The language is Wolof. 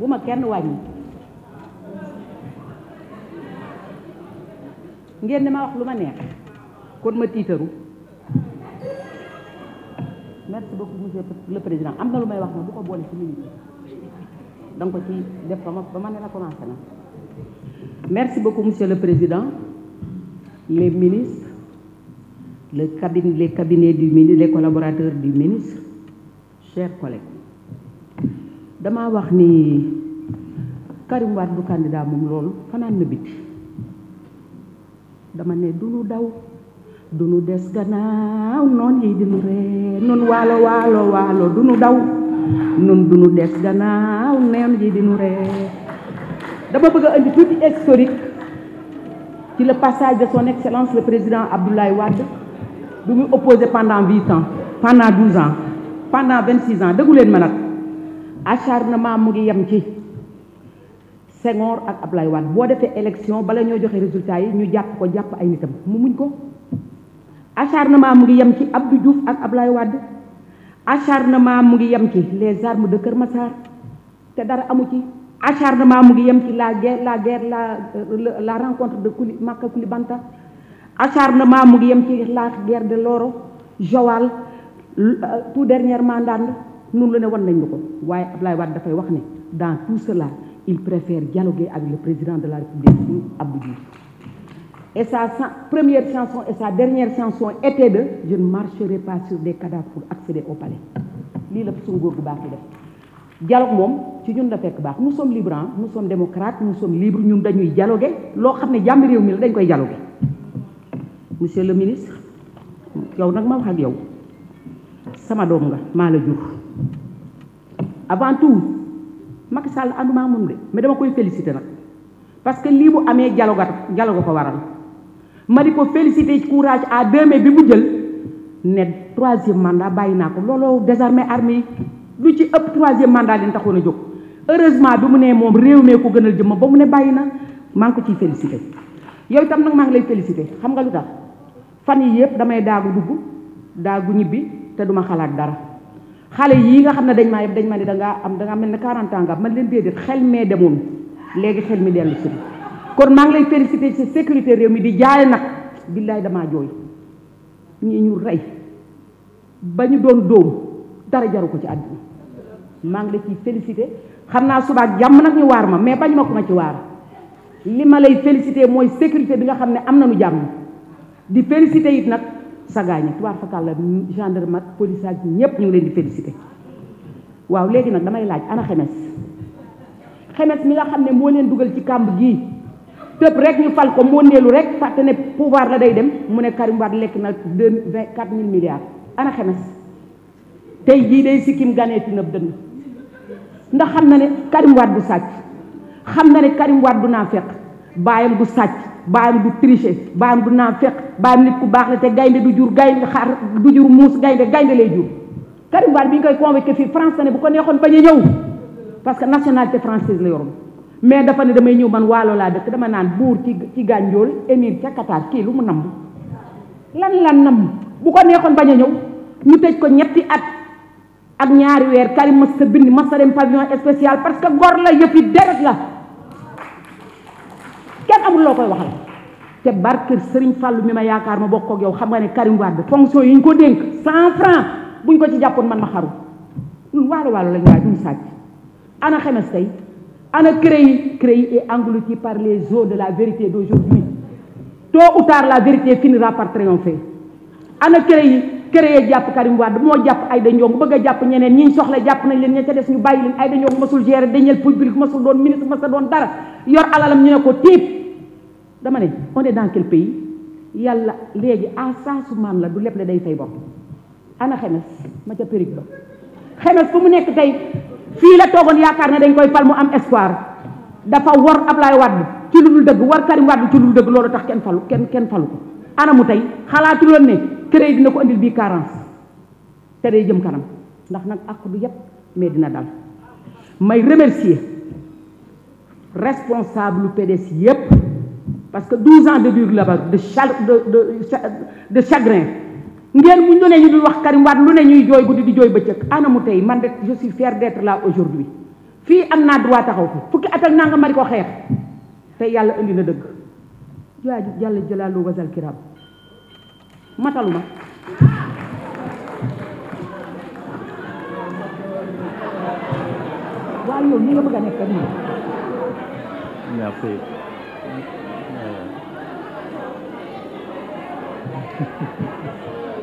bu ma kenn wàññi ngeen di ma wax lu ma neex kon ma tiitaru merci beaucoup monsieur le président am na lu may wax na bu ko boole ci minute da ko ci def ba ma ba ma ne la commencé na merci beaucoup monsieur le président les ministres le cabinet les cabinets du ministre les collaborateurs du ministre chers collègues dama wax ni Karim Wade du candidat moom loolu fanaan na biti dama ne du nu daw du nu des gannaaw noon yi di nu ree nun waalo waalo waalo du nu daw nun du nu des gannaaw noon yi di nu ree dama bëgg a indi tuuti historique ci le passage de son excellence le président Abdoulaye Wade bu mu opposé pendant huit ans pendant douze ans pendant vingt six ans déggu leen ma nag acharnement mu ngi seigneur ci Senghor ak Ablaye Wade boo defee élection bala ñoo joxe résultat yi ñu jàpp ko jàpp ay acharnement mu ngi ci Abdou Diouf ak Ablaye acharnement mu les armes de Kermassar. Massar te acharnement mu la guerre la la rencontre de Maka acharnement mu la guerre de Loro Joal euh, tout dernièrement mandat ne wan dans tout cela il préfère dialoguer avec le président de la République Abdou et sa première chanson et sa dernière chanson était de je ne marcherai pas sur des cadavres pour accéder au palais lii la suñu gu baax dialogue moom ci ñun la fekk baax nous sommes libres hein. nous sommes démocrates nous sommes libres ñun dañuy dialoguer loo xam réew mi dialoguer monsieur le ministre yow nag ma wax ak yow sama doom nga maa la jur avant tout Macky Sall anduma moom de mais dama koy félicité nag parce que lii bu amee dialogue dialogue ko waral ma di ko félicité courage à deux mai bi mu jël ne troisième mandat bàyyi naa ko looloo désarmer armée yi lu ci ëpp troisième mandat leen taxoon a jóg heureusement bi mu ne moom réew mee ko gënal jëmm ba mu ne bàyyi na maa ngi ko ciy félicité yow itam nag maa ngi lay félicité xam nga lu tax fan yi yëpp damay daagu dugg daagu ñibbi te duma xalaat dara xale yii nga xam ne dañ maa yëpp dañ ma ne dangaa am dangaa mel ni 40 ans nga man leen déedéet xel mee demoon léegi xel mi dellu si kon maa ngi lay félicité ci sécurité réew mi di jaay nag billaay damaa jooy ñii ñu rey ba ñu doon dóom dara jaru ko ci àdduna maa ngi la ciy félicité xam naa subaak jàmm nag ñu waar ma mais bañ ma ko ma ci waar li ma lay félicité mooy sécurité bi nga xam ne am na nañu jàmm di félicité it nag sagaañi tubaar fakal la gendre ak police ak ñëpp ñu leen di félicité waaw léegi nag damay laaj ana xemes xemes mi nga xam ne moo leen dugal ci kàmb gii tëb rek ñu fal ko moo neelu rek fàtte ne pouvoir la day dem mu ne Karim lekk na deux vingt quatre mille milliards ana xemes tey jii day sikkim ganeeti na ndax xam na ne Karim Wade du sàcc xam na ne Karim Wade du naafeq baayam bu sàcc baam du triché baam du nafiq baam nit ku bax la té gaynde du jur gaynde xar du jur mous gaynde gaynde lay jur Karim wal bi ngay convoqué France né bu ko nexon bañ ñew parce que nationalité française la yoroon mais dafa né damay ñew man walo la dëkk dama naan bour ci ci gànjool émir ci Qatar ki lu mu nam lan lan nam bu ko nexon bañ ñew ñëw ñu tëj ko ñetti at ak ñaari wër Karim mas sa bind mas sa dem pavillon spécial parce que gor la yëfi dérëk la amul loo koy waxal te barke Serigne fallu mi ma yaakaar ma bokk ak yow xam nga ne Karim Wade fonction yi ñu ko dénk cent franc buñ ko ci jàppoon man ma xaru ñun waalo waalo lañ waaye duñ sàcc ana xemes tey ana CREI CREI est englouti par les eaux de la vérité d'aujourd'hui tôt ou tard la vérité finira par triompher ana créé créé jàpp Karim Wade moo jàpp Aïda Ndiongue bëgg a jàpp ñeneen ñiñ soxla jàpp nañ leen ña ca des ñu bàyyi leen Aïda Ndiongue masul gérer dañel public masul doon ministre masul doon dara yor alalam ñu ne ko tiib dama ne on est dans quel pays yàlla léegi à saasu maam la du leble day fay bopp ana xemes ma ca périg ba xemes fu mu nekk tey fii la toogoon yaakaar ne dañ koy fal mu am espoir dafa war Ablaye Wade ci lu dul dëgg war Karim Wade ci lu dul dëgg loolu tax kenn falu kenn kenn falu ko ana mu tey xalaatu loon ne CREI dina ko andil bi carence te day jëm kanam ndax nag ak du yëpp mais dina dal may remercier responsable PDS yépp parce que 12 ans de dur là-bas de de de de chagrin ngeen mu ñu ñu di wax Karim Wade lu ne ñuy joy guddi di joy bëccëg ana mu tey man de je suis fier d'être là aujourd'hui fii am naa droit taxaw fi fukki atal naa nga mari ko xeex tey yàlla indi na dëgg yaa yàlla jëlaalu wasal kiram mataluma waaye yow ni nga bëgg a nekk nii Yeah.